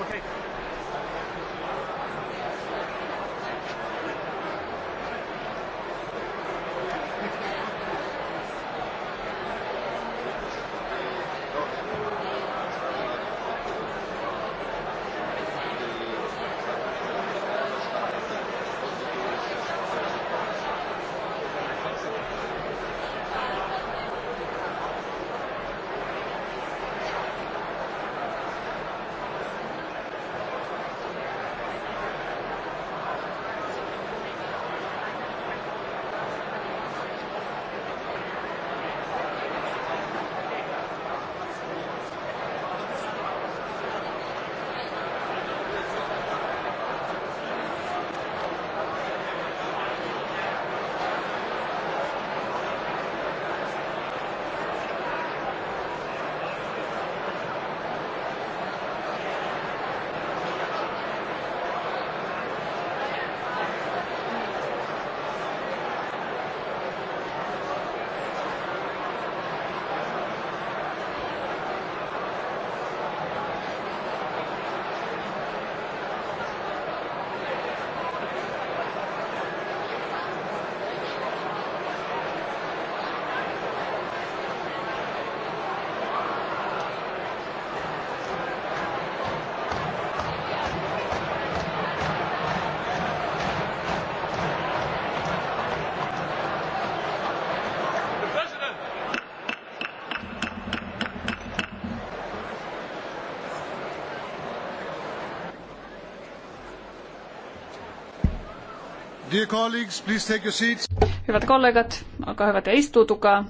Okay. Dear colleagues, please take your seats. Hyvät kollegat, olkaa hyvät ja istuutukaa.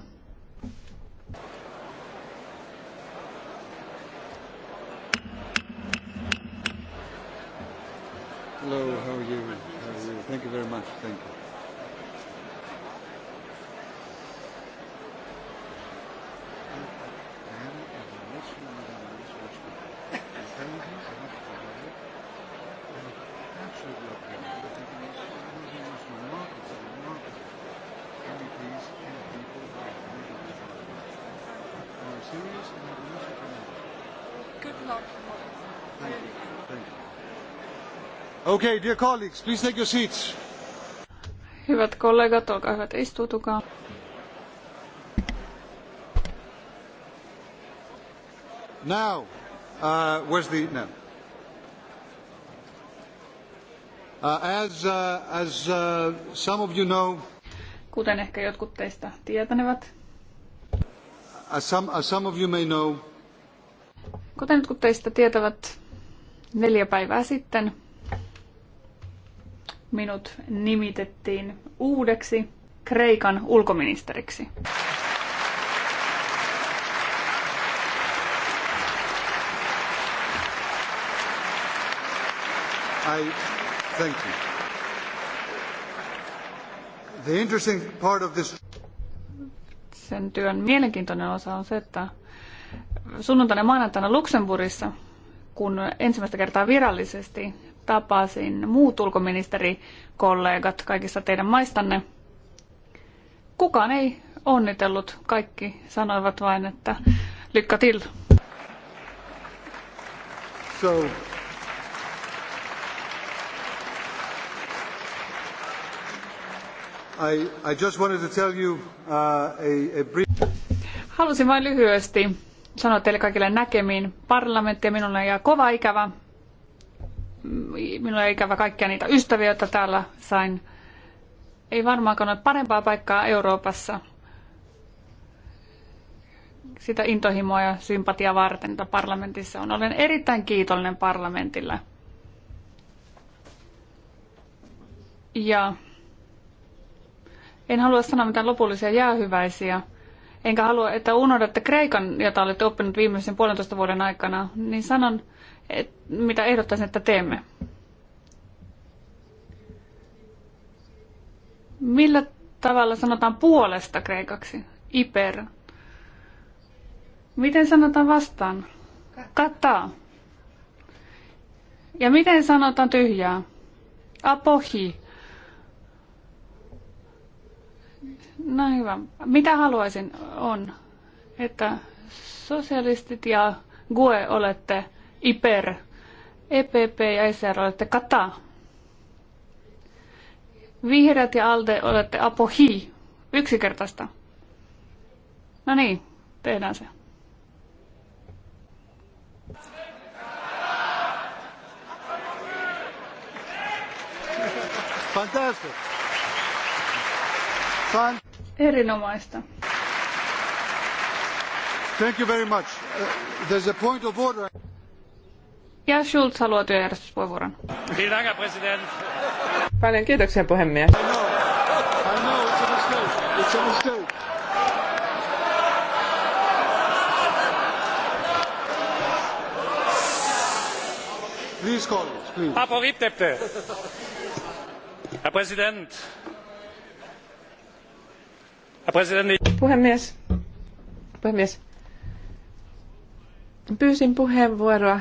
Okay, dear colleagues, please take your seats. Hyvät kollegat, olkaa hyvät, istuutukaa. Now, uh, where's the... No. Uh, as, uh, as uh, some of you know, kuten ehkä jotkut teistä tietänevät, as some, as some of you may know, Kuten kun teistä tietävät, neljä päivää sitten minut nimitettiin uudeksi Kreikan ulkoministeriksi. I thank you. The interesting part of this... Sen työn mielenkiintoinen osa on se, että sunnuntaina maanantaina Luxemburgissa, kun ensimmäistä kertaa virallisesti tapasin muut ulkoministerikollegat kaikista teidän maistanne. Kukaan ei onnitellut, kaikki sanoivat vain, että lykka till. So. I, I just wanted to tell you, uh, a, a brief... Halusin vain lyhyesti sanoa teille kaikille näkemiin. Parlamentti ja minulle jää kova ikävä. Minulle ikävä kaikkia niitä ystäviä, joita täällä sain. Ei varmaankaan ole parempaa paikkaa Euroopassa sitä intohimoa ja sympatiaa varten, mitä parlamentissa on. Olen erittäin kiitollinen parlamentille. Ja en halua sanoa mitään lopullisia jäähyväisiä, enkä halua, että unohdatte Kreikan, jota olette oppinut viimeisen puolentoista vuoden aikana, niin sanon, et, mitä ehdottaisin, että teemme. Millä tavalla sanotaan puolesta kreikaksi? Iper. Miten sanotaan vastaan? Kata. Ja miten sanotaan tyhjää? Apohi. No hyvä. Mitä haluaisin on, että sosialistit ja GUE olette IPER, EPP ja ECR olette KATA. Vihreät ja ALDE olette APOHI. Yksikertaista. No niin, tehdään se. Fantastic. Fine. Erinomaista. Thank you very much. Uh, there's a point of order. Ja Schulz haluaa työjärjestyspuheenvuoron. Paljon kiitoksia puhemies. I know. I know it's a mistake. It's a mistake. Please call it, please. Herr Präsident! Puhemies. Puhemies. Pyysin puheenvuoroa,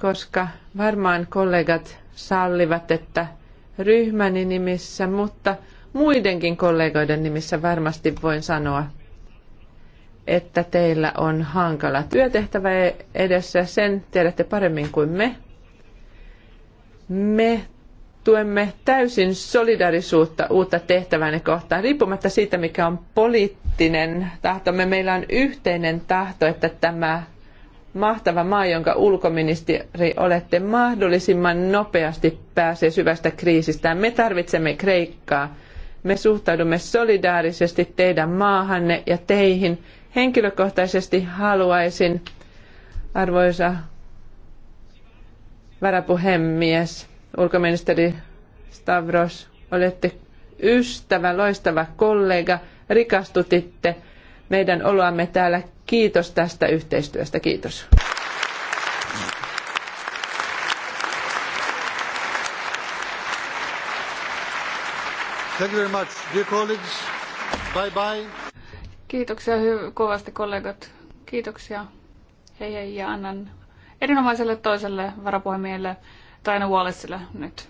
koska varmaan kollegat sallivat, että ryhmäni nimissä, mutta muidenkin kollegoiden nimissä varmasti voin sanoa, että teillä on hankala työtehtävä e- edessä. Sen tiedätte paremmin kuin me. Me tuemme täysin solidarisuutta uutta tehtävänne kohtaan, riippumatta siitä, mikä on poliittinen tahtomme. Meillä on yhteinen tahto, että tämä mahtava maa, jonka ulkoministeri olette, mahdollisimman nopeasti pääsee syvästä kriisistään. Me tarvitsemme Kreikkaa. Me suhtaudumme solidaarisesti teidän maahanne ja teihin. Henkilökohtaisesti haluaisin, arvoisa varapuhemies, ulkoministeri Stavros, olette ystävä, loistava kollega, rikastutitte meidän oloamme täällä. Kiitos tästä yhteistyöstä, kiitos. Thank you very much, dear colleagues. Bye bye. Kiitoksia kovasti kollegat. Kiitoksia. Hei hei ja annan erinomaiselle toiselle varapuhemiehelle aina Wallacilla nyt.